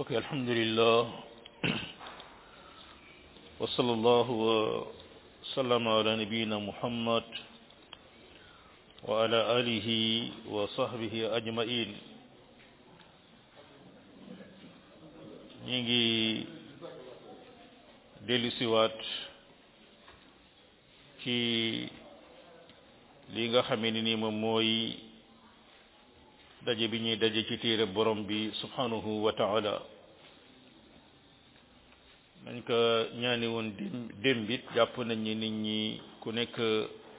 بقي الحمد لله وصلى الله وسلم على نبينا محمد وعلى آله وصحبه أجمعين نيجي ديلي سوات كي ليغا خامي ني موي daje bi ñuy daje ci téere borom bi subhanahu wa dañ nañ ko ñaani woon démbit jàpp nañ ni nit ñi ku nekk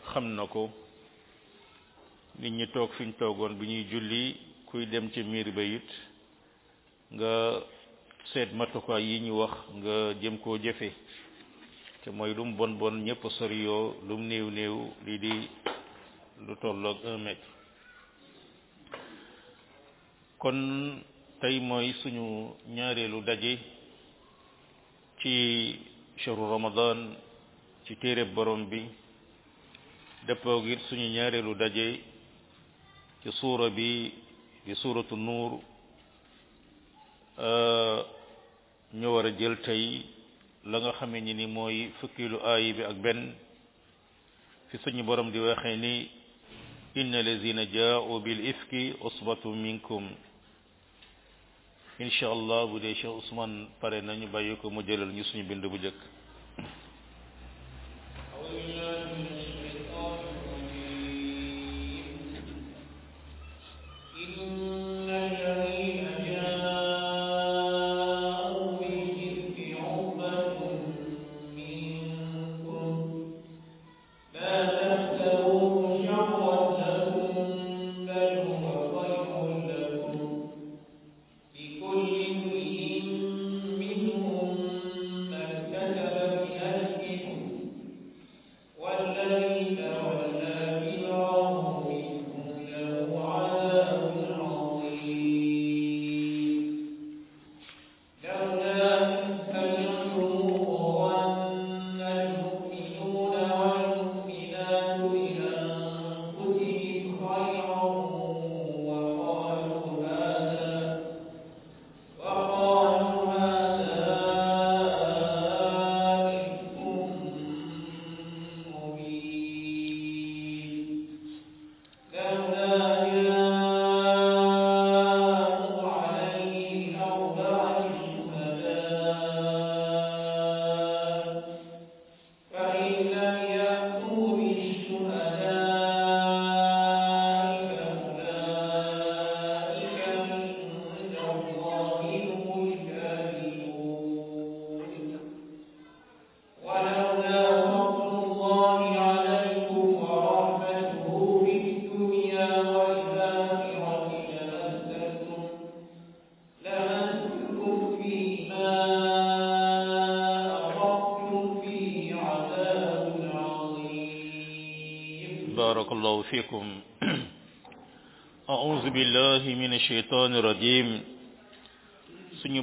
xam na ko nit ñi toog fiñ toogoon bi ñuy julli kuy dem ci miir ba it nga seet matukaay yi ñu wax nga jëm koo jëfe te mooy lum bon bon ñëpp sori lu lum néew néew lii di lu tolloog un mètre kon tey mooy suñu ñaareelu daje ci shahru ramadan ci téere borom bi dëppoo suñu ñaareelu daje ci suura bi di suuratu nuur ñu war a jël tey la nga xamee ni mooy fukkilu aay bi ak benn fi suñu borom di waxee ni inna lazina jaa'u bil ifki usbatun minkum incha allah bu dee Cheikh Ousmane pare nañu bàyyi ko mu jëlal ñu suñu bind bu njëkk فيكم أعوذ بالله من الشيطان الرجيم سني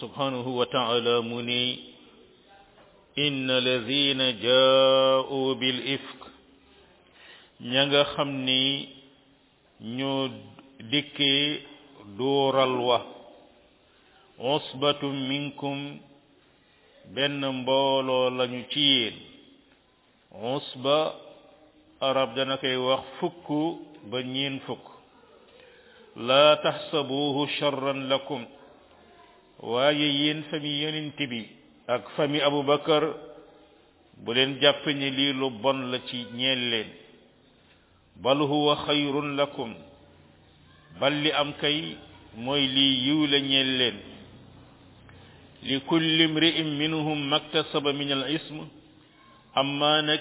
سبحانه وتعالى مني إن الذين جاءوا بالإفك نيغا خمني نيو ديكي دور الوا عصبة منكم بن مبولو mbooloo lañu ci arab dana kay wax fukk ba ñeen fukk la tahsabuhu sharran lakum waye yéen fami yonent bi ak fami abubakar bu len jàpp ni li lu bon la ci ñeel len bal huwa khayrun lakum bal li am kay moy li yiw la ñeel len li kulli imri'in minhum maktasaba min al ism amma na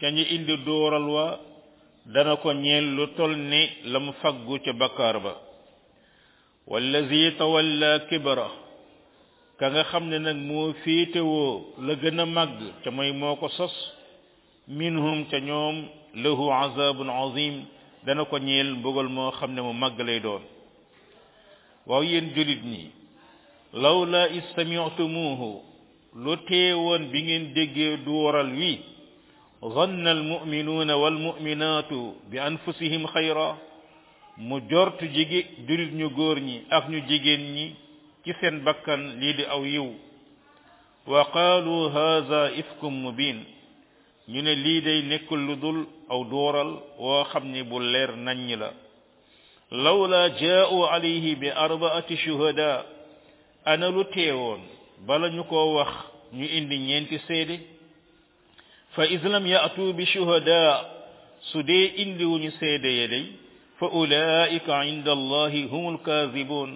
ca ñi indi dooral wa dana ko ñeel lu tol ni la mu faggu ca bakkaar ba wallazi tawalla kibra ka nga xam ne nag moo féetewoo la gën a màgg ca mooy moo ko sos minhum ca ñoom lahu azabun azim dana ko ñeel mbugal moo xam ne mu màgg lay doon waaw yéen julit ñi lawla istami'tumuhu lu teewoon bi ngeen déggee duural wi ظن المؤمنون والمؤمنات بأنفسهم خيرا مجرد جيجي دولت نيو غورني اف نيو جيجين ني كيسن بكان ليدي او يو وقالوا هذا افكم مبين ني ليدي نيكول لودول او دورال و خامني بو لير ناني لا لولا جاءوا عليه بأربعة شهداء أنا لوتيون بلا نكو واخ ني اندي نينتي سيدي فإذ لم يأتوا بشهداء سدي إلو نسيد يدي فأولئك عند الله هم الكاذبون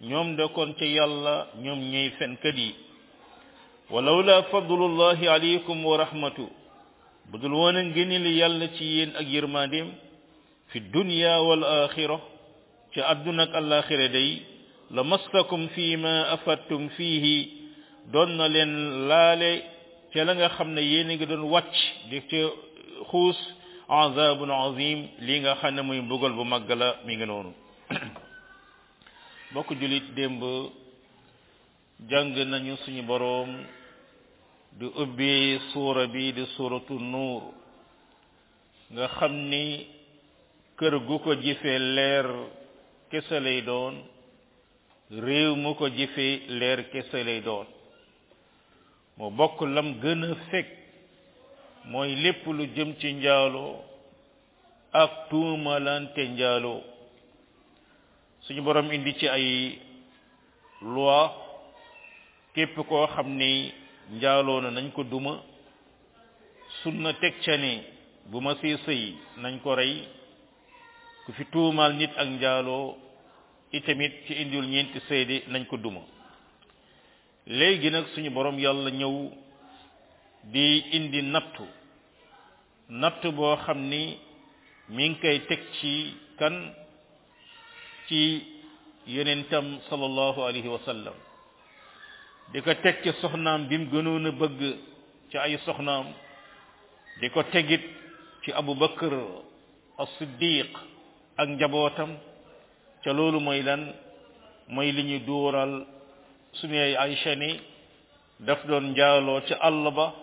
نيوم دكون تي الله نيوم نيفن كدي ولولا فضل الله عليكم ورحمة بدلوانا جني لي يالا أجير ماديم في الدنيا والآخرة تأدنك الآخرة دي لمستكم فيما أفدتم فيه دون لن لالي ca nga xam ne yéen a ngi doon wàcc di ca xuus azabun azim lii nga xam ne muy mbugal bu màgg la mi ngi noonu bokk jullit démb jàng nañu suñu boroom du ubbi suura bi di suuratu nuur nga xam ni kër gu ko jëfee leer kese lay doon réew mu ko jëfee leer kese lay doon mu bokk lam gën a fekk mooy lépp lu jëm ci njaaloo ak tuumalante njaaloo suñu borom indi ci ay loi képp koo xam ni njaaloo na nañ ko duma sunna teg ca ni bu ma see sëy nañ ko rey ku fi tuumaal nit ak njaaloo itamit ci indiwul ñeenti seede nañ ko duma léegi nag suñu borom yàlla ñëw bi indi nattu nattu boo xam ni mi ngi koy teg ci kan ci yonentam sallallahu alayhi wa sallam di ko teg ci soxnaam bi mu gënoon a bëgg ci ay soxnaam di ko tegit ci abu bakar as-siddiq ak njabootam ca loolu mooy lan mooy li ñu dóoral suñu yaay Aysa ni daf doon njaaloo ca àll ba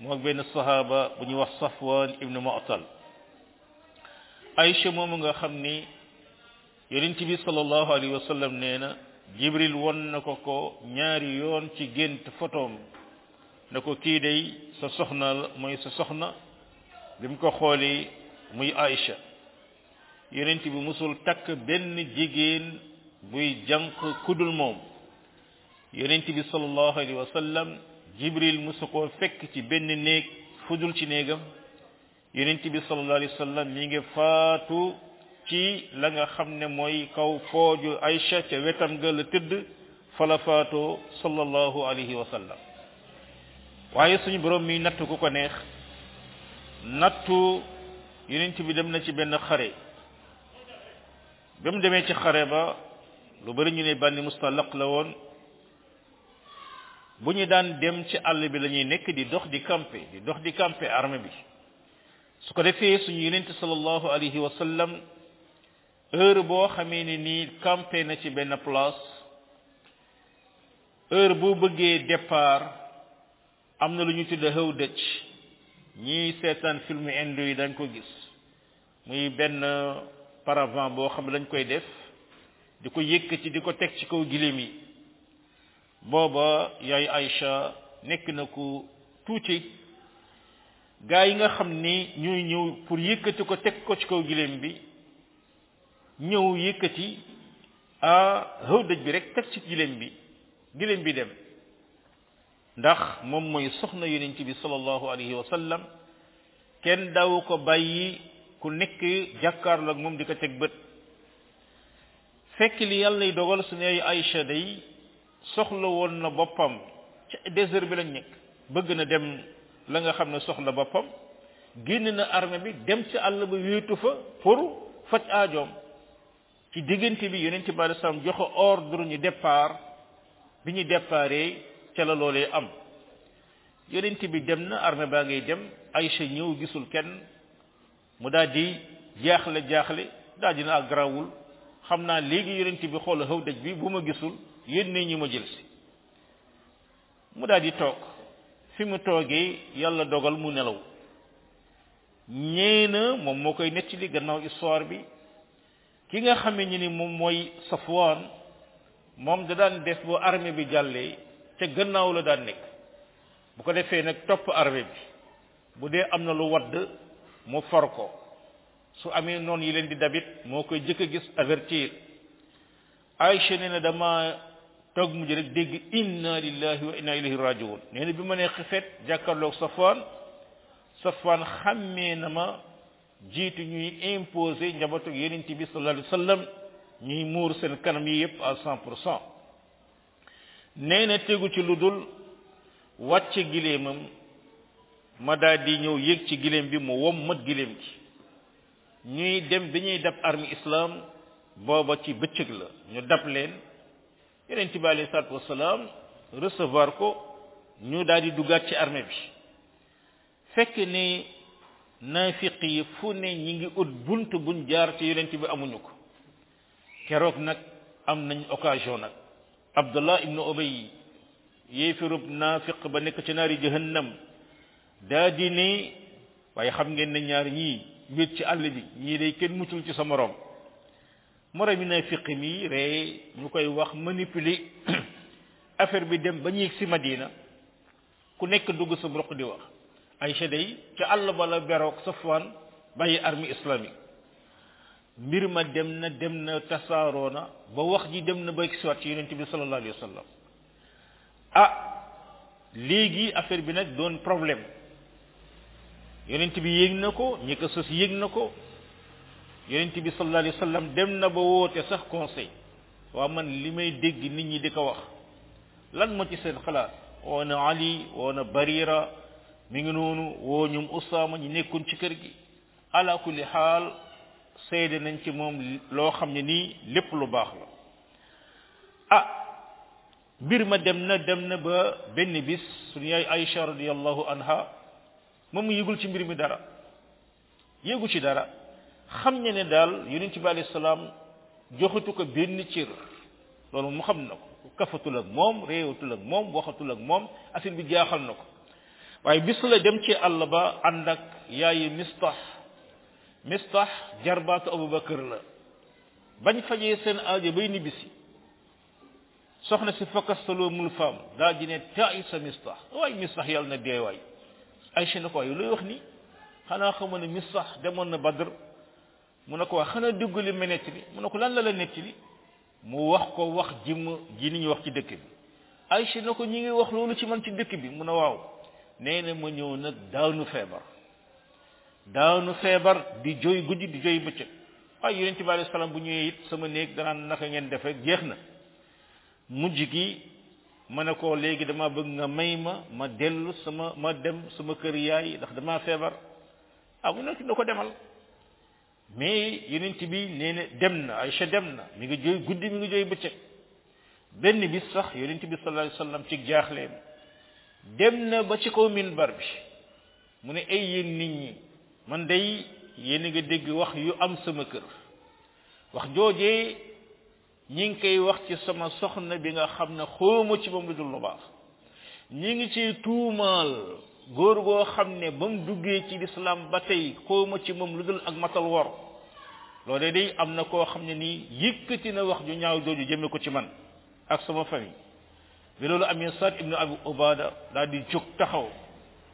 moo benn sahaaba bu ñuy wax Safwan ibnu Mu'tal Aysa moomu nga xam ni yonent bi sallallahu alayhi wa na Jibril won na ko ko ñaari yoon ci gént fotoom na ko kii day sa soxna mooy sa soxna bi mu ko xooli muy Aysa yonent bi musul takk benn jigéen buy jànq kudul moom yonent bi sallallahu alayhi wa sallam jibril mosu koo fekk ci benn néeg fudul ci néegam yonent bi sallallahu alayhi wa ngi faatu ci la nga xam ne mooy kaw fooju ay ca wetam ga la tëdd fa la faatoo sallallahu alayhi wa sallam waaye suñu borom mi natt ku ko neex nattu yonent bi dem na ci benn xare ba mu demee ci xare ba lu bari ñu ne bànni mustallaq la woon bu ñu daan dem ci àll bi la ñuy nekk di dox di camper di dox di camper arme bi su ko defee suñu yonente sallallahu alayhi wa sallam heure boo xamee ne nii camper na ci benn place heure boo bëggee départ am na lu ñu tudde xew dëcc ñi seetaan film indo yi dañ ko gis muy benn paravent boo xam ne dañ koy def di ko yëkk ci di ko teg ci kaw giléem yi booba yaay Aïcha nekk na ko tuuti gaa yi nga xam ni ñooy ñëw pour yëkkati ko teg ko ci kaw giléem bi ñëw yëkkati a hëw bi rek teg ci giléem bi giléem bi dem ndax moom mooy soxna yonent bi sallallahu alayhi wa sallam kenn daw ko bàyyi ku nekk jàkkaarloo moom di ko teg bët fekk li yàlla lay dogal su ne Aïcha day soxla woon na boppam ca désert bi lañ nekk bëgg na dem la nga xam ne soxla boppam génn na armée bi dem ci àll ba wéetu fa pour faj aajoom ci diggante bi yonent bi alei salaam joxe ordre ñu départ bi ñu départee ca la loolee am yonent bi dem na armée baa ngay dem ay Aïcha ñëw gisul kenn mu daldi di jaaxle jaaxle daal dina ak ah, garawul xam naa léegi yonent bi xool hëwdaj bi bu ma gisul yéen ñi ma jël si mu daal di toog fi mu toogee yàlla dogal mu nelaw ñee na moom moo koy li gannaaw histoire bi ki nga xamee ñu ni moom mooy Safwaan moom da daan def bu armée bi jàllee ca gannaaw la daan nekk bu ko defee nag topp armée bi bu dee am na lu wadd mu for ko su amee noon yi leen di dabit moo koy jëkk a gis avertir Aïcha nee na dama toog mujj rek dégg inna lillahi wa inna ilayhi rajiun nee na bi ma nee xifet jàkkaarloog safwaan safwaan xàmmee na ma jiitu ñuy imposé njabootu yeneen bi sallallahu alayhi wa sallam ñuy muur seen kanam yi yëpp à cent pour tegu ci lu dul wàcce giléemam ma daldi ñëw yéeg ci giléem bi mu wom mat giléem gi ñuy dem bi ñuy dab armée islam booba ci bëccëg la ñu dab leen yeneen bi alayhi salaatu wasalaam recevoir ko ñu daa di duggaat ci armée bi fekk ne naafiq yi fu ne ñi ngi ut bunt buñ jaar ci yonent bi amuñu ko keroog nag am nañ occasion nag abdullah ibnu ubay yéefirub naafiq ba nekk ci naari jahannam daa di ne waaye xam ngeen ne ñaar ñii mbir ci àll bi ñii day kenn muccul ci sa moroom moromi na fiqi mi rey ñu koy wax manipuler affaire bi dem ba ñuy si Madina ku nekk dugg sa roq di wax ay day ca àll ba la beroog Safwaan bàyyi armée islamique mbir ma dem na dem na tasaaroo na ba wax ji dem na ba egsiwaat ci yonent bi sallallahu alayhi ah léegi affaire bi nag doon problème yonent bi yéeg na ko ñi sos yéeg na ko yonent bi sallallahu alayhi wasallam dem na ba woote sax conseil wa man li may dégg nit ñi di ko wax lan mo ci seen xalaat woo na ali woo na barira mi ngi noonu woo ñum usama ñi nekkoon ci kër gi ala kulli xaal seede nañ ci moom loo xam ne nii lépp lu baax la ah mbir ma dem na dem na ba benn bis suñu yaay aïcha radiallahu anha moom yëgul ci mbir mi dara yëgu ci dara xam ne ne daal yonent bi alayhi salaam joxatu ko benn cër loolu mu xam na ko kafatul ak moom réewatul ak moom waxatul ak moom affaire bi jaaxal na ko waaye bis la dem ci àll ba ànd ak yaayi mistax mistax jarbaatu abubakar la bañ fajee seen aajo bay nibbisi soxna si fakastaloo mul faam daal di ne taay sa mistax waay mistax yàlla na dee waay Aysa na ko waaye looy wax ni xanaa xamoon ne mistax demoon na Badr mu ne ko wax xanaa déglu ma nett li mu ne ko lan la la nett mu wax ko wax ji mu ji ni ñu wax ci dëkk bi Aïcha na ko ñi ngi wax loolu ci man ci dëkk bi mu ne waaw nee na ma ñëw nag daanu feebar daanu feebar di jooy guddi di jooy bëccëg waaye yonent bi alayhi salaam bu ñëwee it sama néeg danaa naka ngeen def rek jeex na mujj gi ma ne ko léegi dama bëgg nga may ma ma dellu sama ma dem sama kër yaay ndax damaa feebar ah mu nekk na ko demal mais yonent bi nee na dem na Aïcha dem na mi ngi jooy guddi mi ngi jooy bëccëg benn bis sax yonent bi sallallahu alayhi wasallam ci jaaxleem dem na ba ci kaw minbar bi mu ne ay yéen nit ñi man day yéen a nga dégg wax yu am sama kër wax joojee ñi ngi koy wax ci sama soxna bi nga xam ne xawma ci moom lu dul lu baax ñi ngi ciy tuumaal góor goo xam ne ba mu duggee ci lislaam ba tey xawma ci moom lu dul ak matal wor loolee day am na koo xam ne nii yëkkati na wax ju ñaaw jooju jëme ko ci man ak sama famille bi loolu amee Saad ibnu Abi Ubaada daal di jóg taxaw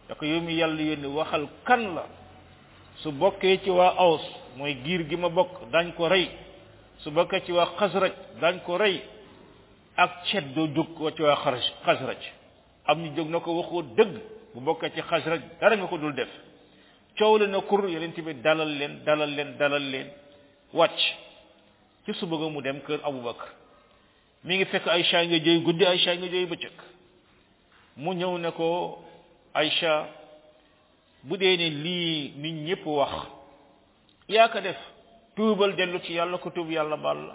da ko yow mi yàlla yónni waxal kan la su bokkee ci waa Aws mooy giir gi ma bokk dañ ko rey su bokkee ci waa Xasraj dañ ko rey ak cet doo jóg ko ci waa Xasraj am ñu jóg na ko waxoo dëgg bu bokkee ci xas rek dara nga ko dul def coow la na kur yonent bi dalal leen dalal leen dalal leen wàcc ci suba ga mu dem kër abubakar mi ngi fekk aycha nga jëy guddi aycha nga jëy bëccëg mu ñëw ne ko aycha bu dee ne lii nit ñëpp wax yaa ko def tuubal dellu ci yàlla ko tuub yàlla baal la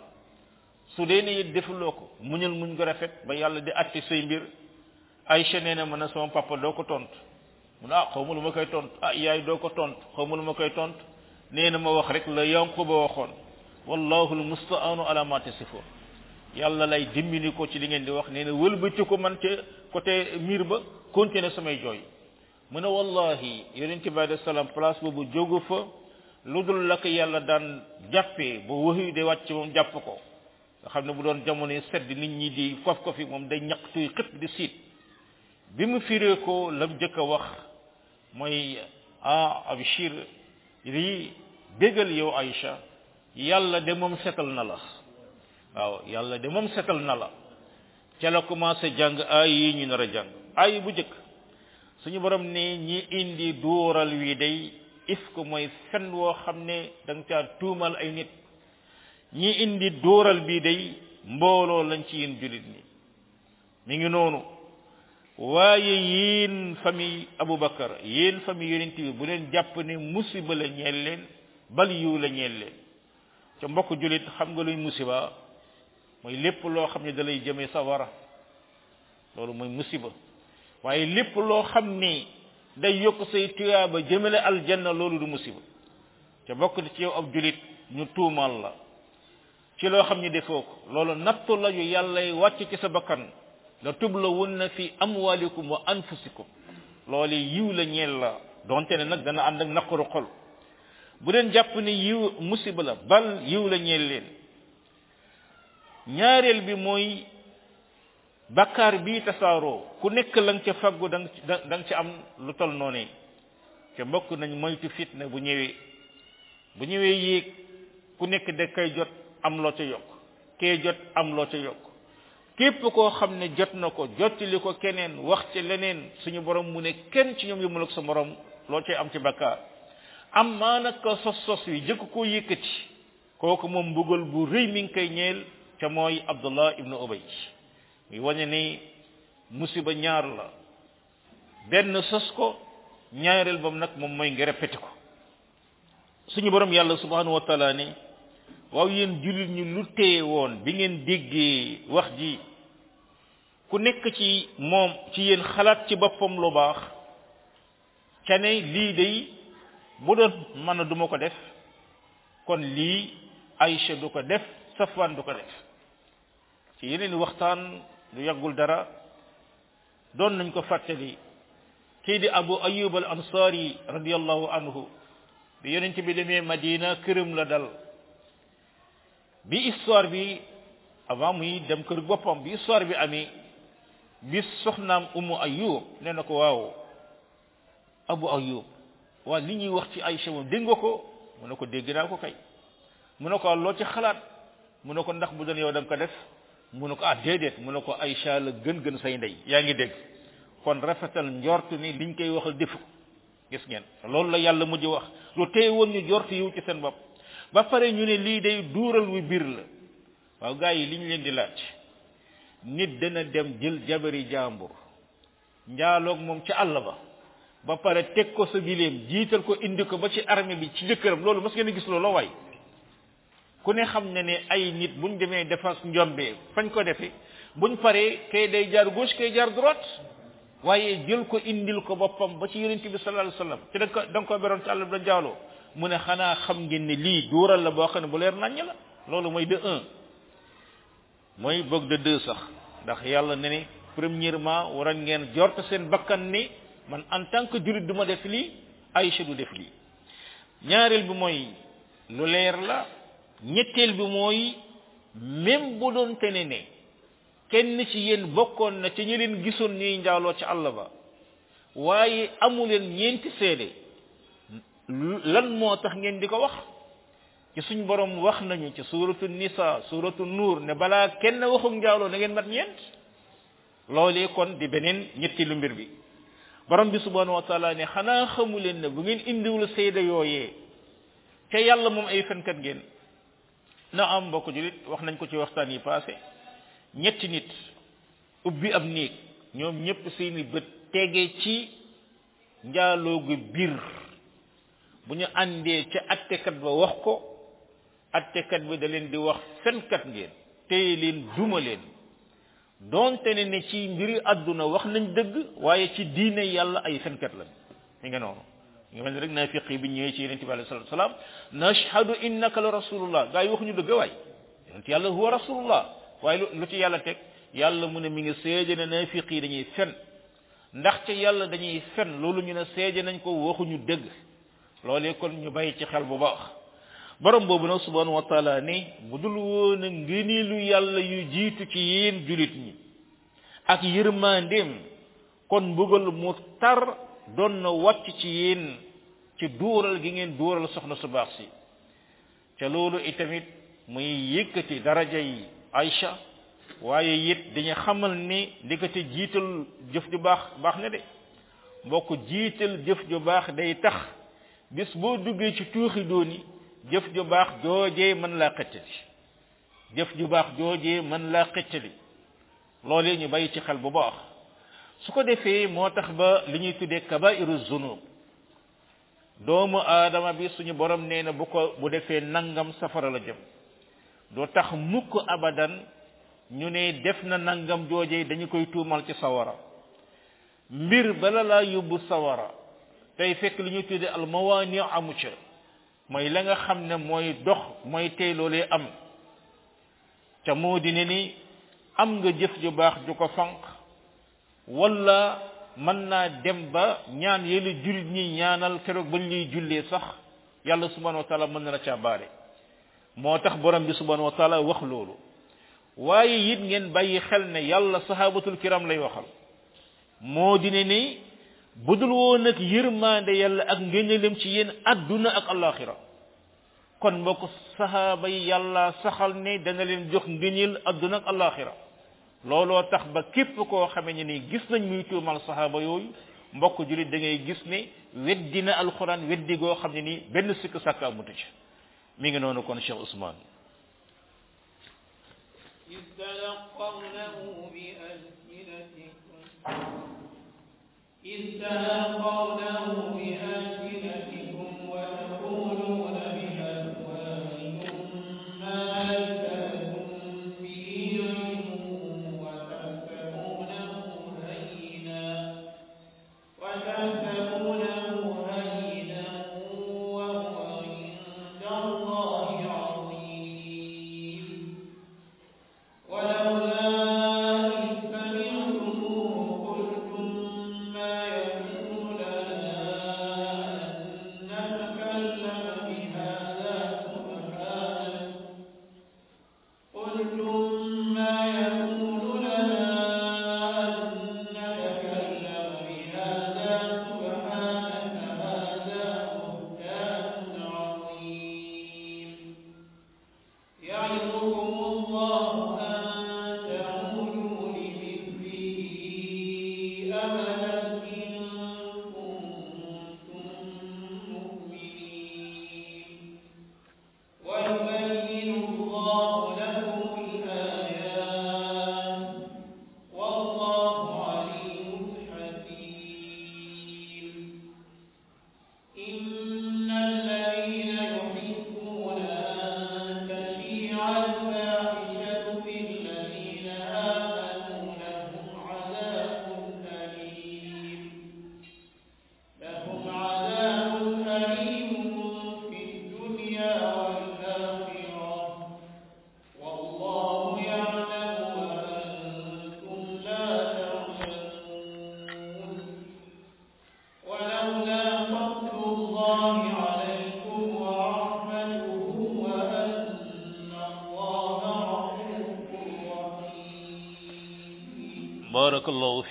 su dee ne defuloo ko muñal muñ ko rafet ba yàlla di atti say mbir Aisha nee na sama papa doko tont muna mu ne ah xaw ma lu ma koy tont ah yaay doo ko tontu ma koy tontu nee ma wax rek la yanku ba waxoon wallahu almusta'anu ala ma tasifun yàlla lay dimbali ko ci li ngeen di wax nee na wëlbati ko man ca côté mur ba continuer samay jooy mu ne wallahi yonente bi alayhi salaam place boobu jógu fa ludul dul yàlla dan jappé bu wëhi de wàcc moom jàpp ko nga xam ne bu doon jamono sedd nit ñi di kof kofi moom day ñaq tuy xëpp di siit bi mu fiiree ko lam jëkk a wax mooy ah abshir lii bégal yow Aïcha yàlla de moom setal na la waaw yàlla de moom setal na la ca la commencé jàng ay yi ñu nar a jàng ay bu jëkk suñu borom ne ñi indi duural wi day if ko mooy fen woo xam ne da nga caa ay nit ñi indi duural bii day mbooloo lañ ci yéen jullit ni mi ngi noonu waaye yéen famille Aboubacar yéen famille yonent bi bu leen jàpp ne musiba la ñeel leen bal yiw la ñeel leen ca mbokk jullit xam nga luy musiba mooy lépp loo xam ne dalay jëmee sawara loolu mooy musiba waaye lépp loo xam ni day yokk say tuyaaba jëmale aljanna loolu du musiba ca bokk ci yow ab jullit ñu tuumal la ci loo xam ni defoo ko loolu nattu la yu yàllay wàcc ci sa bakkan la na fi amwalikum wa anfusikum lolé yiw la ñeel la donte ne nag dana and ak nakru xol bu den japp ni yiw musiba la bal yiw la ñeel leen ñaareel bi mooy Bakar bii Tasaro ku nekk la nga ca faggu da nga ci am lu tol noné ci mbokk nañ moytu fitna bu ñëwee bu ñëwee yi ku nekk da kay jot am lo ci yok kee jot am lo ci yok képp koo xam ne jot na ko jottali ko keneen wax ci leneen suñu borom mu ne kenn ci ñoom yëmul ak sa morom loo cay am ci bakka am maa nag ko sos sos wi jëkk koo yëkkati kooku moom mbugal bu rëy mi ngi koy ñeel ca mooy abdullah ibnu ubay muy wañe ni musiba ñaar la benn sos ko ñaareel bam nag moom mooy nga répété ko suñu borom yàlla subhanahu wa taala ne waaw yéen jullit ñu lu tee woon bi ngeen déggee wax ji ku nekk ci moom ci yéen xalaat ci boppam lu baax ca ne lii day bu doon man du duma ko def kon lii aïcha du ko def safwan du ko def ci yeneen waxtaan du yàggul dara doon nañ ko fàttali kii di abu ayub al ansari radiallahu anhu bi yonent bi demee madina këram la dal bi histoire bi avant muy dem kër boppam bi histoire bi amee bis soxnaam umu ayub nee na ko waaw abu ayub waa li ñuy wax ci ay moom dégg nga ko mu ne ko dégg naa ko kay mu ne ko ah, loo ci xalaat mu ne ko ndax bu doon yow da ko def mu ne ko ah déedéet mu ne ko Aïcha la gën gën say ndey yaa ngi dégg kon rafetal njort ni liñ koy waxal defu ko gis ngeen loolu la yàlla mujj wax lu tey woon ñu njort yiw ci seen bopp ba pare ñu ne lii day duural wi biir la waaw gaa yi li ñu leen di laaj nit dana dem jël jabari jàmbur njaaloog moom ci àll ba ba pare teg ko sa bileem jiital ko indi ko ba ci armée bi ci jëkkëram loolu mas ngeen a gis loolu la ku ne xam ne ne ay nit buñ demee defas njombee fañ ko defee buñ paree kay day jaar gauche kay jaar droite waaye jël ko indil ko boppam ba ci yonent bi sallallahu alayhi wasallam te da nga beroon ci àll jaaloo mu ne xanaa xam ngeen ne lii duural la boo xam ne bu leer naññ la loolu mooy de un mooy boog de sax ndax yàlla ne ni premièrement waroon ngeen jort seen bakkan ni man en tant que jullit du ma def lii Aïcha du def lii ñaareel bi mooy lu leer la ñetteel bi mooy même bu doon tene ne kenn ci yéen bokkoon na ci ñu leen gisoon ñuy njaaloo ci àll ba waaye amuleen ñeenti seede lan moo tax ngeen di ko wax ci suñ borom wax nañu ci suratu nisa suratu nuur ne balaa kenn waxum njaaloo na ngeen mat ñeent loolee kon di beneen ñetti lu mbir bi borom bi subhanahu wa taala ne xanaa xamu leen ne bu ngeen indiwul sayda yooyee te yàlla moom ay fenkat ngeen na am mbokk julit wax nañ ko ci waxtaan yi passé ñetti nit ubbi am néeg ñoom ñëpp seeni bët tegee ci njaaloo gi biir bu ñu àndee ca attekat ba wax ko attekat bi da leen di wax kat ngeen téye leen duma leen donte ne ne ci mbiri aduna wax nañ dëgg waaye ci diine yàlla ay fenkat lañ mi nga noonu nga mel rek naafiq yi bi ñëwee ci yonente bi alayhi salatu salaam nashhadu innaka la rasulullah gaa yi waxuñu dëgg waay yonent yàlla huwa rasulullah waaye lu ci yàlla teg yàlla mu ne mi ngi seede ne naafiq yi dañuy fen ndax ci yàlla dañuy fen loolu ñu ne seede nañ ko waxuñu dëgg loolee kon ñu bàyyi ci xel bu baax borom boobu nag subhanahu wa ni ne bu dul woon a ngëneelu yàlla yu jiitu ci yéen jullit ñi ak yërmandeem kon mbugal mu tar doon na wàcc ci yéen ci duural gi ngeen duural soxna su baax si ca loolu itamit muy yëkkati daraja yi Aïcha waaye it dañu xamal ni ndikate jiital jëf ju baax baax na de mbokk jiital jëf ju baax day tax bis boo duggee ci tuuxi yi jëf ju baax joojee mën laa xëccali jëf ju baax joojee mën laa xëccali loolee ñu bay ci xel bu baax su ko defee moo tax ba li ñuy tuddee kabairu zunub doomu aadama bi suñu boroom nee na bu ko bu defee nangam safara la jëm doo tax mukk abadan ñu ne def na nangam joojee dañu koy tuumal ci sawara mbir bala laa yóbbu sawara tey fekk li ñuy tuddee almawaani amu ca mooy la nga xam ne mooy dox mooy tey loolee am te moo di ne ni am nga jëf ju baax ju ko fanq wala mën naa dem ba ñaan yële jullit ñi ñaanal keroog ba ñuy jullee sax yàlla subhanahu wa taala mën na la caa baare moo tax borom bi subhanahu wa taala wax loolu waaye it ngeen bàyyi xel ne yàlla sahabatul kiram lay waxal moo di ne ni budul woon nag yërmande yàlla ak ngëneelam ci yéen adduna ak alaxira kon mbokk sahaaba yi yàlla saxal ne dana leen jox ngëneel adduna ak alaxira looloo tax ba képp koo xamee ni gis nañ muy tuumal sahaaba yooyu mbokk julit dangay ngay gis ne weddina alxuraan weddi goo xam ne nii benn sikk sàkk amutu ci mi ngi noonu kon Cheikh Ousmane. إذ تلقونه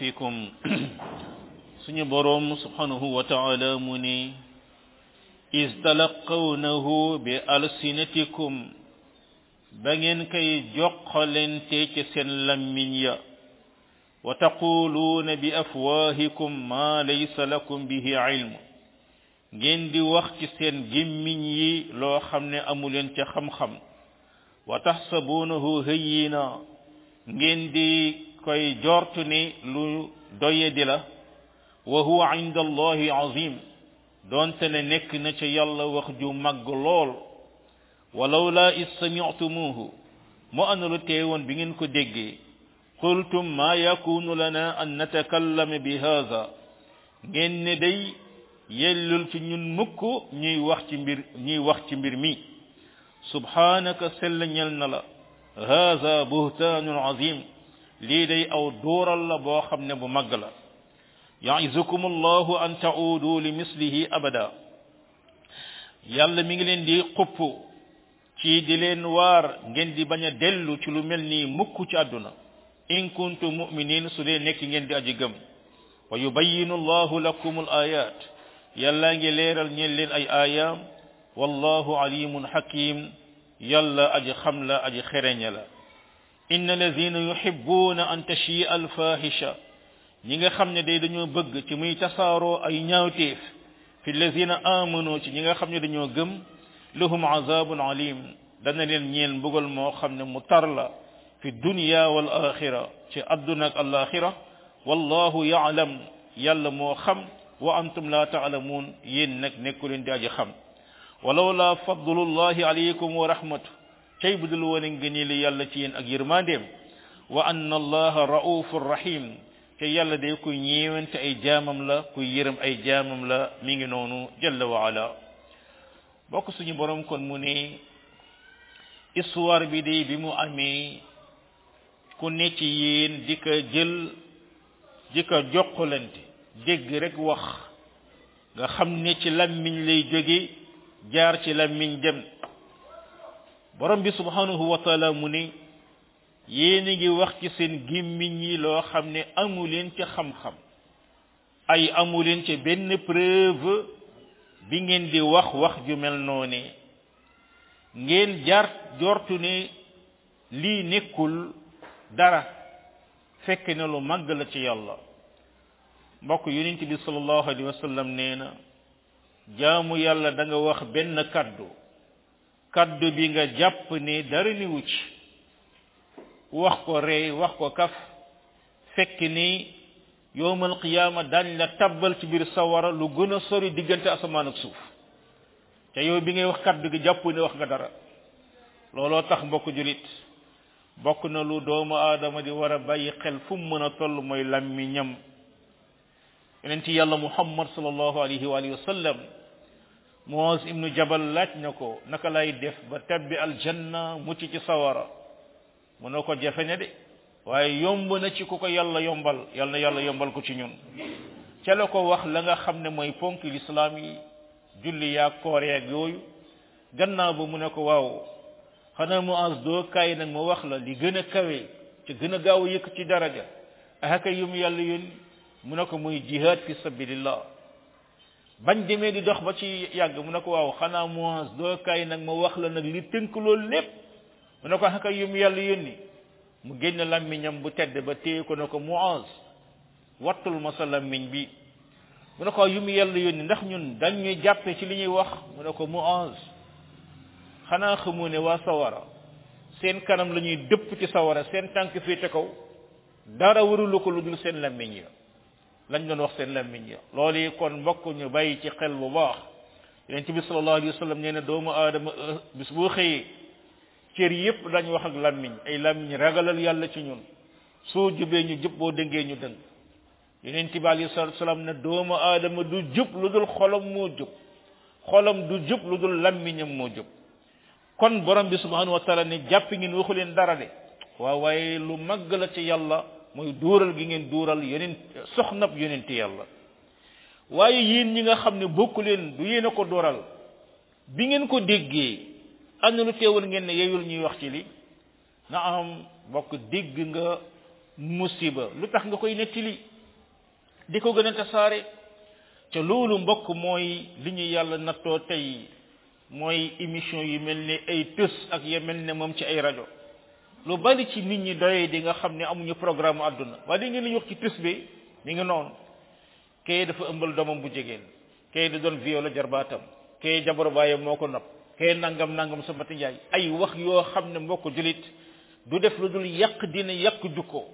fikum suñu borom subhanahu wa ta'ala mu ne is talaqawnahu bi alsinatikum ba ngeen koy joxalante ci seen lammiñ ya wa taquluuna bi afwahikum ma laysa lakum bihi ilm ngeen di wax ci seen gémmiñ yi loo xam ne amu leen ca xam-xam wa tahsabunahu hayyina ngeen di koy jortu ni lu doye di la wa huwa inda allahi azim donte ne nek na ci yàlla wax ju mag lol walaw la is sami'tumuhu mu lu teewon bi ngeen ko degge qultum ma yakunu lana an natakallama bi hadha ngeen ne day yelul ci ñun mukk ñuy wax ci mbir ñuy wax ci mbir mi subhanaka sallallahu ñel na la hadha buhtanun azim لدي أو دور الله بوخم نبو مغلا يعزكم الله أن تعودوا لمثله أبدا يلا مغلين دي قبو تي دلين وار نجن دي بانيا دلو تلو ملني مكو تأدنا إن كنت مؤمنين سلي نك نجن دي أجيغم ويبين الله لكم الآيات يلا نجلير النيلين أي آيام والله عليم حكيم يلا أجي خملا أجي خيرين ان الذين يحبون ان تشيء الفاحشه نيغا خامني داي دانيو بڬ تي موي تصارو اي نياوتيف في الذين امنوا تي نيغا خامني دانيو گم لهم عذاب عليم دانا لين نيل بوغل مو خامني مترلا في الدنيا والاخره تي ادنا الاخره والله يعلم يلا مو خم وانتم لا تعلمون ين نك نيكولين داجي خم ولولا فضل الله عليكم ورحمته tey bu dul woon ngëneelu yàlla ci yéen ak yërmandeem wa anna allaha raufur rahim te yàlla day ku ñeewante ay jaamam la ku yërëm ay jaamam la mi ngi noonu jalla wa ala bokk suñu borom kon mu ne histoire bi de bi mu amee ku ne ci yéen di ko jël di ko jokkalante dégg rek wax nga xam ne ci làmmiñ lay jóge jaar ci làmmiñ dem borom bi subhanahu wa taala mu ne yéen ngi wax ci seen gémmiñ yi loo xam ne amu leen ca xam-xam ay amuleen ci benn preuve bi ngeen di wax wax ju mel noone ngeen jar jortu ne lii nekkul dara fekk na lu màgg la ci yàlla mbokk yonent bi sallallahu alayhi wa sallam nee na jaamu yàlla danga wax benn kaddu kaddu bi nga japp ne dara ni wuc wax ko rey wax ko kaf fekk ni yowmal qiyamah dañ la tabal ci bir sawara lu gëna sori digënté asman ak suuf te yow bi ngay wax kaddu gi japp ne wax nga dara lolo tax mbokk julit bokk na lu doomu adama di wara bayyi xel fu mu toll moy lammi ñam yenenti yalla muhammad sallallahu alaihi wa sallam موز ابن جبل لاج نكو نكا لاي ديف با تبي الجنه موتي سي سوارا منوكو جافني دي واي يومب نا كوكو يالا يومبال يالا يالا يومبال كو سي نون تي لاكو واخ لاغا خامني موي فونك الاسلامي جولي يا كوريا غويو غنا بو منوكو واو خنا موز دو كاي نك مو واخ لا لي غنا كاوي تي غنا غاو يك تي درجه هكا يوم يالا يوني منوكو موي جهاد في سبيل الله bañ demee di dox ba ci yàgg mu ne ko waaw xanaa Muaz doo kaay nag ma wax la nag li tënk loolu lépp mu ne ko xaka yu mu mu génn làmmiñam bu tedd ba téye ko ne ko Muaz wattul ma sa làmmiñ bi mu ne ko yu mu yàlla yónni ndax ñun dañ ñuy jàppe ci li ñuy wax mu ne ko Muaz xanaa xamoo ne waa sawara seen kanam la ñuy dëpp ci sawara seen tànk féete kaw dara warulu ko lu dul seen làmmiñ ya lañ doon wax seen lamiñ ya loolu kon mbokk ñu bàyyi ci xel bu baax yeneen ci bi sallallahu alayhi sallam nee na doomu aadama bis boo xëyee cër yépp dañ wax ak lamiñ ay lamiñ ragalal yàlla ci ñun soo jubee ñu jub boo dëngee ñu dëng yonent bi alayhi salatu wasallam ne doomu aadama du jub lu dul xolam moo jub xolam du jub lu dul lamiñam moo jub kon borom bi subhanahu wa taala ne jàpp ngeen waxu leen dara de waaw waaye lu mag la ci yàlla mooy duural gi ngeen duural yeneen soxnab yonent yàlla waaye yéen ñi nga xam ne bokk leen du yéen a ko dooral bi ngeen ko déggee am na lu teewal ngeen ne yeyul ñuy wax ci li na am bokk dégg nga musiba lu tax nga koy nettali di ko gën a tasaare te loolu mbokk mooy li ñu yàlla nattoo tey mooy émission yi mel ni ay tës ak ya mel ni moom ci ay rajo lu bari ci nit ñi doy di nga xam ne amuñu programme àdduna waaye di ngeen di wax ci tis bi mi ngi noonu kay dafa ëmbal doomam bu jegeen kay da doon violé jarbaatam kay jabaru baayam moo ko nopp kay nangam nangam sa bati njaay ay wax yoo xam ne mbokk ko julit du def lu dul yàq dina yàq jukkoo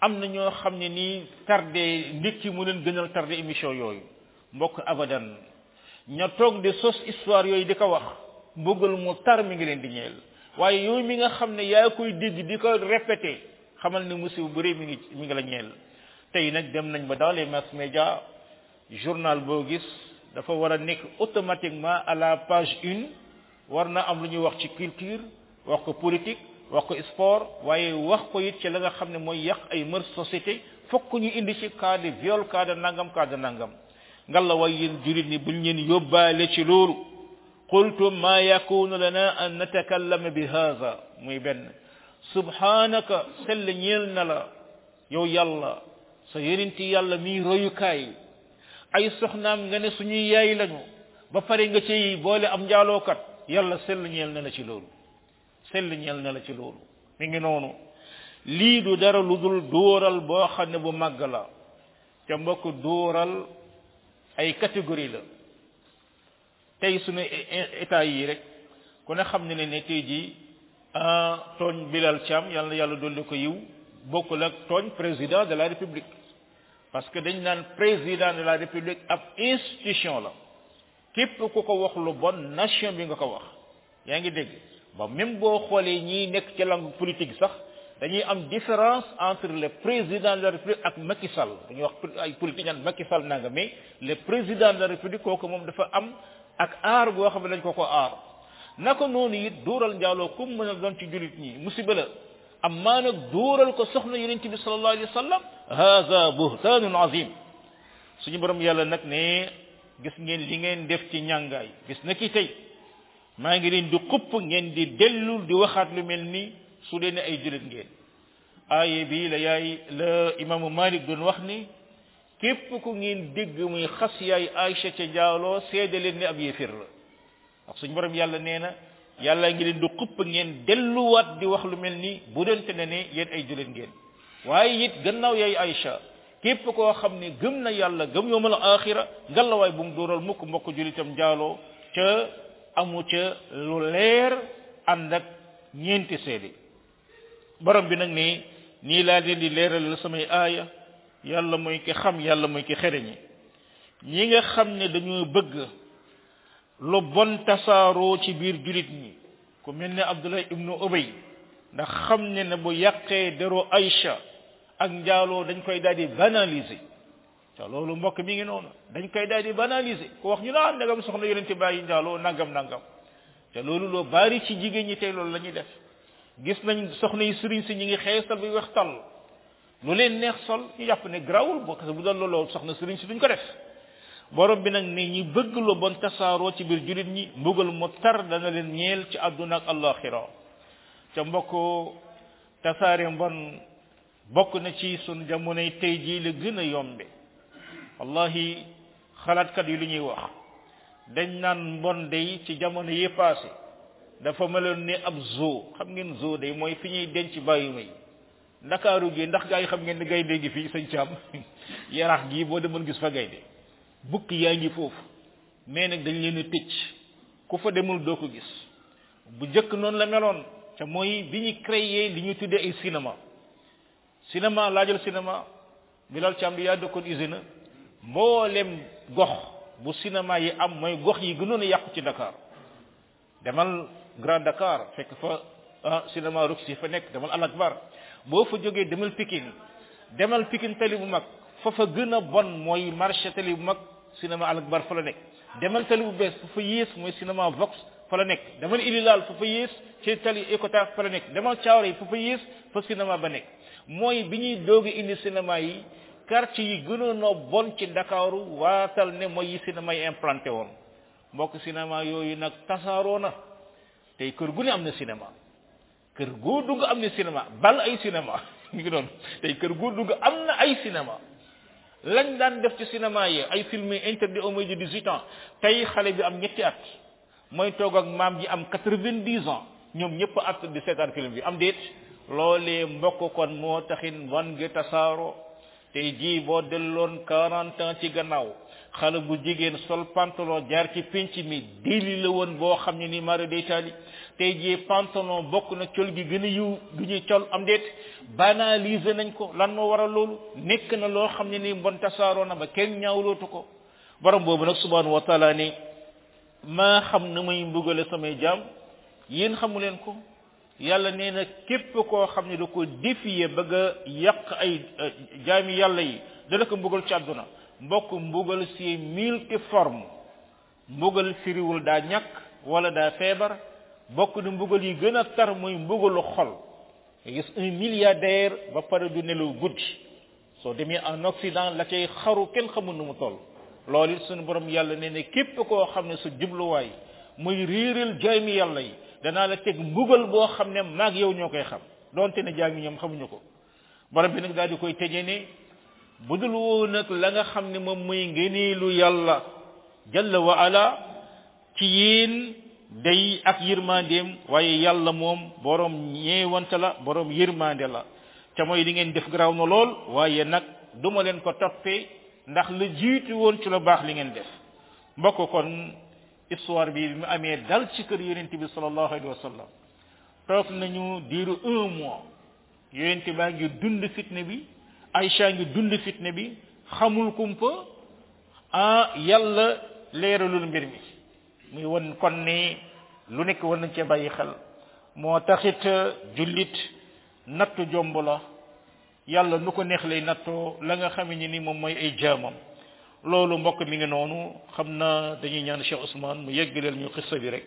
am na ñoo xam ne nii tardé ndékki mu leen gënal tardé émission yooyu mbokk abadan ña toog di sos histoire yooyu di ko wax mbugal mu tar mu ngi leen di ñeel waaye yooyu mi nga xam ne yaa koy dégg di ko répété xamal ne musiba bu rëy mi ngi mi ngi la ñeel tey nag dem nañ ba dans les mass médias journal boo gis dafa war a nekk automatiquement à la page une war na am lu ñuy wax ci culture wax ko politique wax ko sport waaye wax ko it ci la nga xam ne mooy yàq ay mœurs société fokk ñu indi ci cas de viol cas de nangam cas de nangam ngalla way yéen jurit ni buñ leen yóbbaale ci loolu qultum ma yakunu lana an natakallama bi hadha muy benn subhanaka sell ñeel na la yow yàlla sa yonenti yàlla mi royukaay ay soxnaam nga ne suñuy yaay lañu ba pare nga ci boole am njaalookat yàlla sell ñeel na la ci loolu sell ñeel na la ci loolu mi ngi noonu lii du dara lu dul dóoral boo xam ne bu màgg la ca mbokk dóoral ay catégorie la tey sunu état yi rek ku ne xam ne ne tey jii ah, tooñ Bilal Thiam yàlla na yàlla dolli ko yiw bokkul ak tooñ président de la république parce que dañ naan président de la république ab institution la képp ku ko wax lu bon nation bi nga ko wax yaa ngi dégg ba même boo xoolee ñiy nekk ci langue politique sax dañuy am différence entre le président de la république ak Macky Sall dañuy wax ay politique naan Macky Sall mais le président de la république kooku moom dafa am ak aar goo xam ne dañ ko ko aar naka noonu it dóoral njaaloo kum mën a doon ci julit ñi musiba la amma nag dóoral ko soxna ci bi sallallahu alayhi wa sallam haza buhtanun azim suñu borom yàlla nag ne gis ngeen li ngeen def ci ñàngaay gis na ki tey maa ngi leen di xupp ngeen di dellul di waxaat lu mel ni su leen ay julit ngeen aaye bi la yaay la imaamu malik doon wax ni képp ku ngeen dégg muy xas yaay Aïcha ca jaaloo seede leen ni ab yéefér la ndax suñu borom yàlla nee na yàlla ngi leen du xupp ngeen delluwaat di wax lu mel ni bu doonte ne ne yéen ay juleen ngeen waaye it gannaaw yaay Aïcha képp koo xam ne gëm na yàlla gëm yoomal axira ngalawaay bu mu dóoral mukk mbokk julitam jaaloo ca amu ca lu leer ànd ak ñeenti seede borom bi nag ne nii laa leen di leeral la samay aaya yàlla mooy ki xam yàlla mooy ki xereñi ñi nga xam ne dañoo bëgg lu bon tasaaroo ci biir jullit ñi ku mel ni abdullah ibnu ubay ndax xam ne ne bu yàqee dero aïcha ak njaaloo dañ koy daal di banaliser te loolu mbokk mi ngi noonu dañ koy daal di banaliser ku wax ñu ne ah ndegam soxna yonent bàyyi njaaloo nagam nangam te loolu loo baari ci jigéen ñi tey loolu la def gis nañ soxna yi sëriñ si ñi ngi xeesal buy wax tall lu leen neex sol ñu jàpp ne grawul boo kese bu doon looloo soxna sëriñ si duñ ko def borom bi nag ne ñi bëgg lu bon tasaaroo ci biir jullit ñi mbugal mu tar dana leen ñeel ci àdduna ak àllaaxira ca mbokk tasaare mbon bokk na ci sunu jamonoy tey jii la gën a yombe wallahi xalaatkat yi lu ñuy wax dañ naan mbon day ci jamono yi paase dafa meloon ne ab zoo xam ngeen zoo day mooy fi ñuy denc bàyyi may ndakaaru gi ndax gaa yi xam ngeen ni gaynde gi fii sañ caam yaraax gii boo demoon gis fa gaynde bukk yaa ngi foofu mais nag dañ leen a tëj ku fa demul doo ko gis bu njëkk noonu la meloon te mooy bi ñu créé li ñu tuddee ay cinéma cinéma laajal cinéma Bilal Thiam bi yaa dëkkoon na mboolem gox bu cinéma yi am mooy gox yi gënoon yàqu ci ndakaar demal Grand Dakar fekk fa ah cinéma Roxy fa nekk demal Al boo fa jógee demal Pikine demal Pikine tali bu mag fa fa gën a bon mooy marché tali bu mag cinéma Al Akbar fa la nekk demal tali bu bees fa fa yées mooy cinéma Vox fa la nekk demal Ililal fa fa yées ci tali Ecotra fa la nekk demal Thiawara yi fa fa yées fa cinéma ba nekk mooy bi ñuy doog indi cinéma yi quartier yi gënoon a bon ci Ndakaaru waatal ne mooy yi cinéma yi implanté woon mbokk cinéma yooyu nag tasaaroo na tey kër gu ne am na cinéma kër goo dugg am na cinéma bal ay cinéma ñu ngi doon tey kër goo dugg am na ay cinéma lañ daan def ci cinéma yi ay film interdit au moins de 18 ans tey xale bi am ñetti at mooy toog ak maam ji am quatre 90 ans ñoom ñëpp at di seetaan film bi am déet loolee mbokk kon moo taxin wan nga tasaaro tey jii boo delloon 40 ans ci gannaaw xale bu jigéen sol pantalon jaar ci penc mi déli la woon boo xam ne ni mara day taali tey jii pantalon bokk na col gi gën a yiw gi ñuy col am déet banalisé nañ ko lan moo waral loolu nekk na loo xam ne ni mbon tasaaroo na ba kenn ñaawlootu ko borom boobu nag subhanahu wa taala ni maa xam na may mbugale samay jaam yéen xamu leen ko yàlla nee na képp koo xam ne da ko défier yàq ay jaami yàlla yi mbugal ci àdduna mbokk mbugal si multiforme mbugal firiwul daa ñàkk wala daa feebar bokk na mbugal yi gën a tar muy mbugalu xol nga gis un milliardaire ba pare du nelaw guddi soo demee en Occident la cay xaru kenn xamul nu mu toll loolu it suñu borom yàlla nee ne képp koo xam ne su jubluwaay muy réeral jaami yàlla yi danaa la teg mbugal boo xam ne maag yow ñoo koy xam donte ne jaami ñoom xamuñu ko borom bi nag daal di koy tëjee ne bu dul woo la nga xam ne moom muy ngëneelu yàlla jalla wa ala ci yéen day ak yërmandeem waaye yàlla moom borom ñeewante la borom yërmande la ca mooy li ngeen def garaaw na lool waaye nag duma leen ko toppee ndax la jiitu woon ci lu baax li ngeen def mbokk kon histoire bi mu amee dal ci kër yonent bi sallallahu alayhi wa sallam toog nañu diiru un mois yonent baa ngi dund fitne bi ay change dund fitne bi xamul kumpa ah yàlla leeralul mbir mi muy won kon ni lu nek won nañ ci bayyi xel mo taxit julit natu jombolo yalla nuko neex lay natto la nga xamé ni mom moy ay jaamam lolu mbokk mi ngi nonu xamna dañuy ñaan cheikh ousmane mu yeggalel ñu xissa bi rek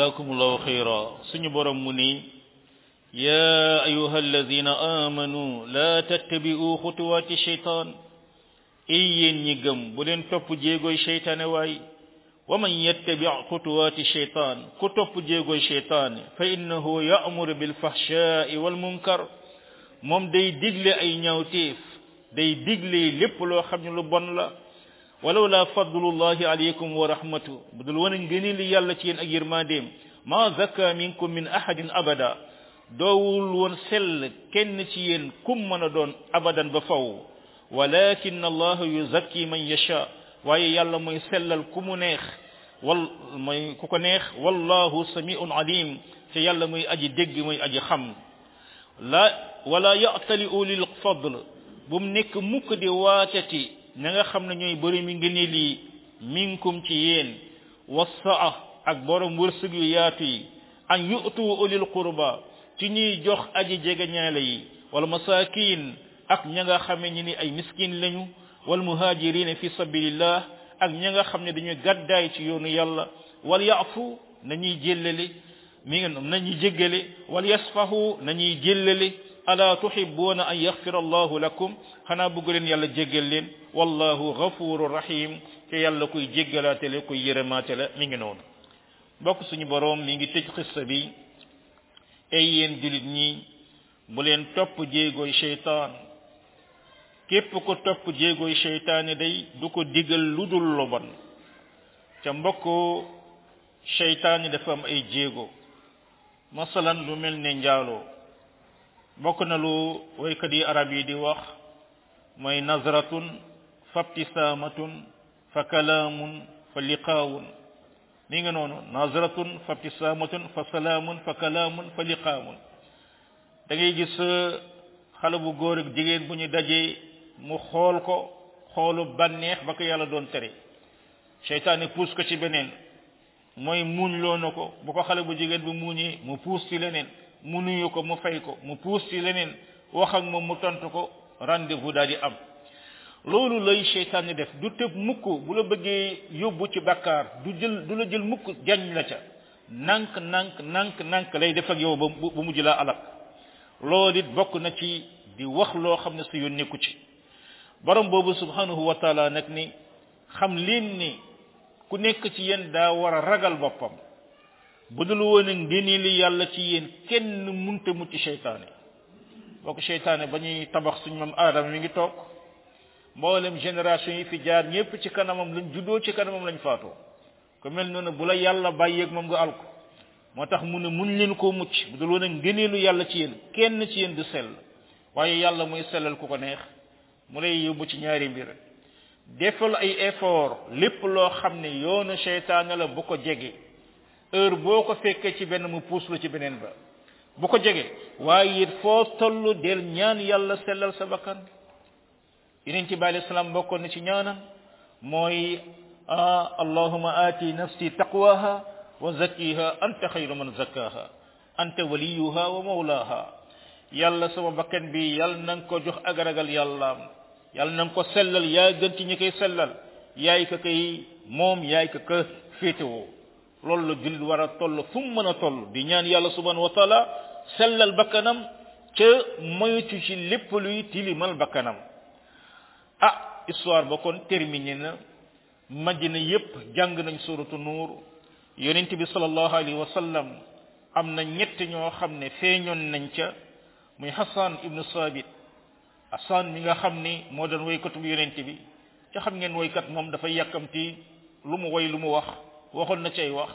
جزاكم الله خيرا borom mu يا أيها الذين آمنوا لا تتبعوا خطوات الشيطان إيين نيغم بولين توب جيغو الشيطان واي ومن يتبع خطوات الشيطان كتوب جيغو الشيطان فإنه يأمر بالفحشاء والمنكر موم دي ديغلي اي نياوتيف دي ديغلي لبلو لو لبن لو لا ولولا فضل الله عليكم ورحمته بدل وان غني لي يالا تي اغير ما ديم ما زكى منكم من احد ابدا دول وان سل كين تي ين كوم مانا دون ابدا بفاو ولكن الله يزكي من يشاء واي يالا موي سلال كوم نيخ wal moy kuko neex wallahu samiun alim fi yalla moy aji deg moy aji xam la wala ya'tali ulil fadl bum nek mukk di ña nga xam ne ñooy bëri mi ngëne lii minkum ci yéen wassaa ak borom wërsëg yu yaatu yi an yu'tu ulil qurba ci ñuy jox aji jege ñaale yi wal masakin ak ña nga xamee ni ay miskin lañu wal muhajirina fi sabilillah ak ña nga xam ne dañuy gàddaay ci yoonu yàlla wal ya'fu nañuy jéllale mi nga nañuy jéggale wal yasfahu nañuy jéllale ala tuhibbuuna an yaxfira allahu lakum xanaa bëgg leen yàlla jéggal leen wallahu ghafuru rahim kuy jéggalaate la kuy yërëmaate la mi ngi noon bokk suñu boroom mi ngi tëj xissa bi ay yéen jullit ñi bu leen topp jéegooy seytaan képp ko topp jéegooy seytaane day du ko digal lu dul lu bon ca mbokk seytaane dafa am ay jéego masalan lu mel ne njaaloo bokk na lu waykat yi arab yi di wax mooy nazratun fa ibtisaamatun fa kalaamun fa liqaawun mi nga noonu nazratun fa ibtisaamatun fa salaamun fa kalaamun fa liqaawun da gis uh, xale bu góor ak jigéen bu ñu dajee mu xool ko xoolu bànneex ba ko yàlla doon tere seytaane puus ko ci beneen mooy muuñ loo na ko bu ko xale bu jigéen bu muuñee mu puus ci leneen mu nuyu ko mu fay ko mu puus ci leneen waxam ak moom mu tontu ko rendez-vous daal di am loolu lay seytaane def du tëb mukk bu la bëggee yóbbu ci bakkaar du jël du la jël mukk jañ la ca nank nank nank nank lay def ak yow ba bu mujj laa alak loolu it bokk na ci di wax loo xam ne su yoon nekku ci borom boobu subhanahu wa taala nag ni xam leen ni ku nekk ci yéen daa war a ragal boppam bu dul woon a ngéneeli yàlla ci yéen kenn munta mucc seytaane boo ko seytaane ba ñuy tabax suñ maam aadama mi ngi toog mboolem génération yi fi jaar ñépp ci kanamam lañ juddoo ci kanamam lañ faatoo ku mel noonu bu la yàlla bàyyeeg moom nga alko moo tax mu ne mun leen koo mucc bu dul woon a ngéneelu yàlla ci yéen kenn ci yéen du sell waaye yàlla mooy sellal ku ko neex mu lay yóbbu ci ñaari mbir defal ay effort lépp loo xam ne yoona seytaane la bu ko jege heure boko fekke ci ben mu puus ci benen ba bu ko jégué waye it foo toll del ñaan yàlla sellal sa bakkan yeneen ci bàyyi salaam bokko na ci ñaanam a allahumma ati nafsi taqwaha wa zakkiha anta khayru man zakkaha anta waliyuha wa mawlaha yàlla sama bakkan bi yal nang ko jox agaragal yalla yal nang ko selal ya gën ci ñi koy selal yaay ka kay mom yaay ka ka féetewoo loolu la julit war a toll fu mu mën a toll di ñaan yàlla subhanahu wa taala sellal bakkanam ca moytu ci lépp luy tilimal bakkanam ah histoire ba kon terminé na madina yépp jàng nañ suratu nuur yonent bi salallahu alayhi wa sallam am na ñett ñoo xam ne feeñoon nañ ca muy hasan ibnu sabit hasan mi nga xam ni moo doon woykatu yonent bi ca xam ngeen woykat moom dafa yàkkamti lu mu woy lu mu wax waxoon na ci wax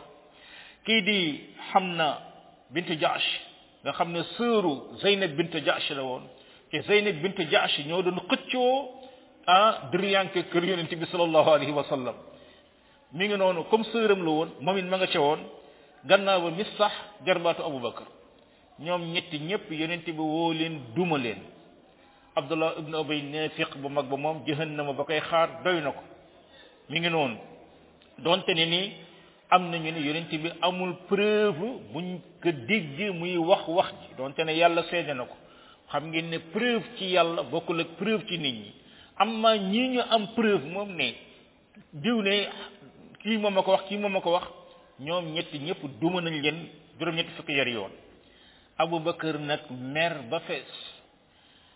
kii di na bintu Jaash na xam ne sëru Zeynab bint Jaash la woon te Zeynab bint Jaash ñoo doon xëccoo ah diriyanke kër yonent bi sallallahu alayhi wa sallam mi ngi noonu comme sëram la moom it ma nga ca woon gannaaw ba Mistah jarbaatu Aboubacar ñoom ñetti ñëpp yonent bi woo leen duma leen Abdullah ibn Ubay naafiq bu mag ba moom jahannama ba koy xaar doy na ko ngi noonu am nañu ne yonent bi amul preuve buñ ko digg muy wax wax ji donte ne yàlla seede na ko xam ngeen ne preuve ci yàlla bokkul ak preuve ci nit ñi am ma ñii ñu am preuve moom ne diw ne kii moom a ko wax kii moom a ko wax ñoom ñetti ñëpp duma nañ leen juróom-ñetti fukki yar yoon Abubakar nag mer ba fees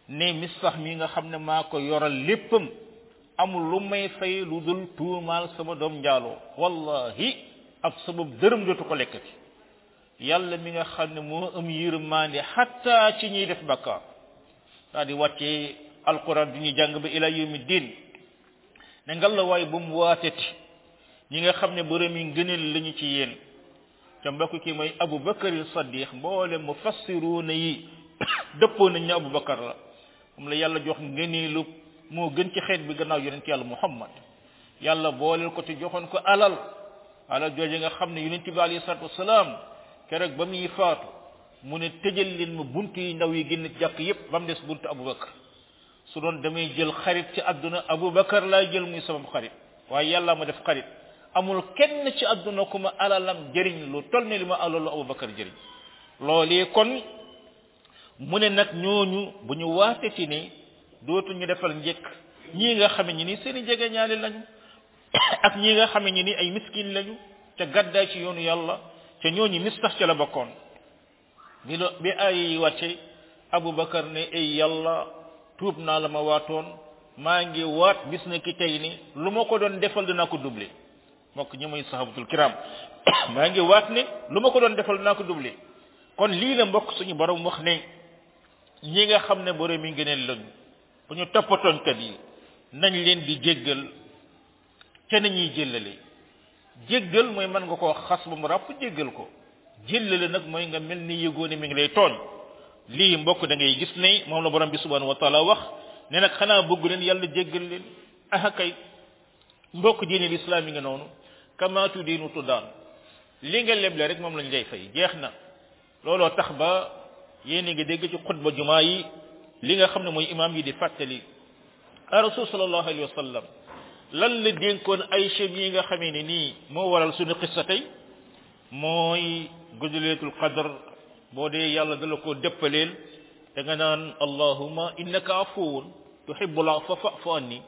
ne Misbax mi nga xam ne maa ko yoral léppam amul lu may fay lu dul tuumaal sama doom njaaloo wallahi ab sabab dërëm dootu ko lekkati yàlla mi nga xam ne moo am yërmande xatta ci ñuy def bakkaar daal di wàccee alquran bi ñu jàng ba ila yawmi din ne ngalla waay bu mu waateti ñi nga xam ne borom yi ngëneel lañu ci yéen ca mbokk ki mooy abu bakar sadiq mboole mu fassiruuna yi dëppoo nañ ne abu bakar la moom la yàlla jox ngëneelu moo gën ci xeet bi gannaaw yonent yàlla muhammad yàlla booleel ko te joxoon ko alal alal jooje nga xam ne yonent bi alayhi salaatu wasalaam keroog ba muy faatu mu ne tëjal leen bunt yi ndaw yi génn jàkk yépp ba mu des buntu Aboubacar su doon damay jël xarit ci àdduna Aboubacar laay jël muy sama xarit waaye yàlla ma def xarit amul kenn ci àdduna ku ma alalam jëriñ lu toll ne li ma alalu Aboubacar jëriñ loolee kon mu ne nag ñooñu bu ñu waate ci dootu ñu defal njëkk ñii nga xam ñi ni seen i jege ñaale lañu. ak ñi nga xame ni ay miskin lañu ca gàddaay ci yoonu yàlla ca ñooñu mistax ca la bokkoon bi lo bi ay wàcce abubakar ne ay yàlla tuub naa la ma waatoon maa ngi waat gis ne ki tey ni lu ma ko doon defal dinaa ko duble mokk ñi muy sahabatul kiram maa ngi waat ne lu ma ko doon defal dinaa ko duble kon lii la mbokk suñu borom wax ne ñi nga xam ne borom yi ngëneel lañu bu ñu toppatoonkat yi nañ leen di jéggal ca nañuy jëllale jéggal mooy man nga koo xas ba mu ràpp jéggal ko jëllale nag mooy nga mel ni yëgoo ne mi ngi lay tooñ lii mbokk da ngay gis ne moom la borom bi subhanahu wa taala wax ne nag xanaa bëgg leen yàlla jéggal leen ah kay mbokk diine lislaam yi nga noonu kamaatu diinu tuddaan li nga leble rek moom lañ lay fay jeex na looloo tax ba yéen a ngi dégg ci xutba jumaa yi li nga xam ne mooy imaam yi di fàttali rasul sallallahu alayhi wa sallam lan la dénkoon ay chef yi nga xamee ne nii moo waral suñu xissa tey mooy guddileetul qadr boo dee yàlla dala koo dëppaleel da nga naan allahuma innaka afuwun tuhibbul afwa fa'fu anni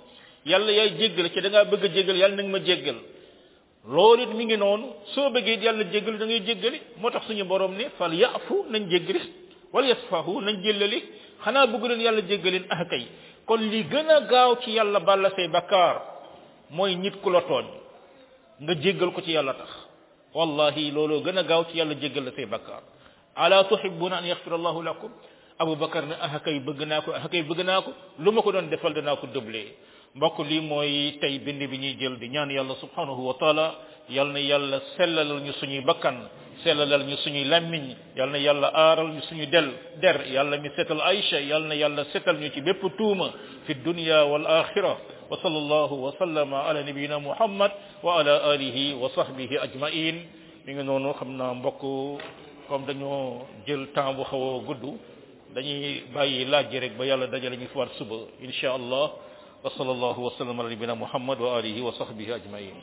yàlla yaay jéggal ci da ngaa bëgg a jéggal yàlla na nga ma jéggal loolu it mi ngi noonu soo bëggee it yàlla jéggal da ngay jéggali moo tax suñu borom ne fal ya'fu nañ jéggali wal yasfahu nañ jéllali xanaa bëgg leen yàlla jéggaleen ah kay kon li gën gaaw ci yàlla bàlla say bakkaar moy nit ku la togn nga jéggal ko ci yàlla tax wallahi lolo gëna a gaaw ci yàlla jéggal la say bakkar ala tuhibbuna an yaghfira allah lakum abou bakkar na akay bëgg na ko akay bëgg na ko luma ko doon defal dana ko dëblee mbokk li moy tay bind bi ñuy jël di ñaan yàlla subhanahu wa taala yal na yàlla sellalal ñu suñu bakkan sellalal ñu suñu lamiñ yal na yàlla aral ñu suñu del der yàlla mi setal aisha yal na yàlla setal ñu ci bépp tuuma fi dunya wal akhirah وصلى الله وسلم على نبينا محمد وعلى آله وصحبه أجمعين نيغي نونو خمنا مبوكو كوم دانيو جيل تان بو خاوو غودو دانيي باي لاجي رك با يالا داجي لاني فوار صبا ان شاء الله وصلى الله وسلم على نبينا محمد وآله وصحبه أجمعين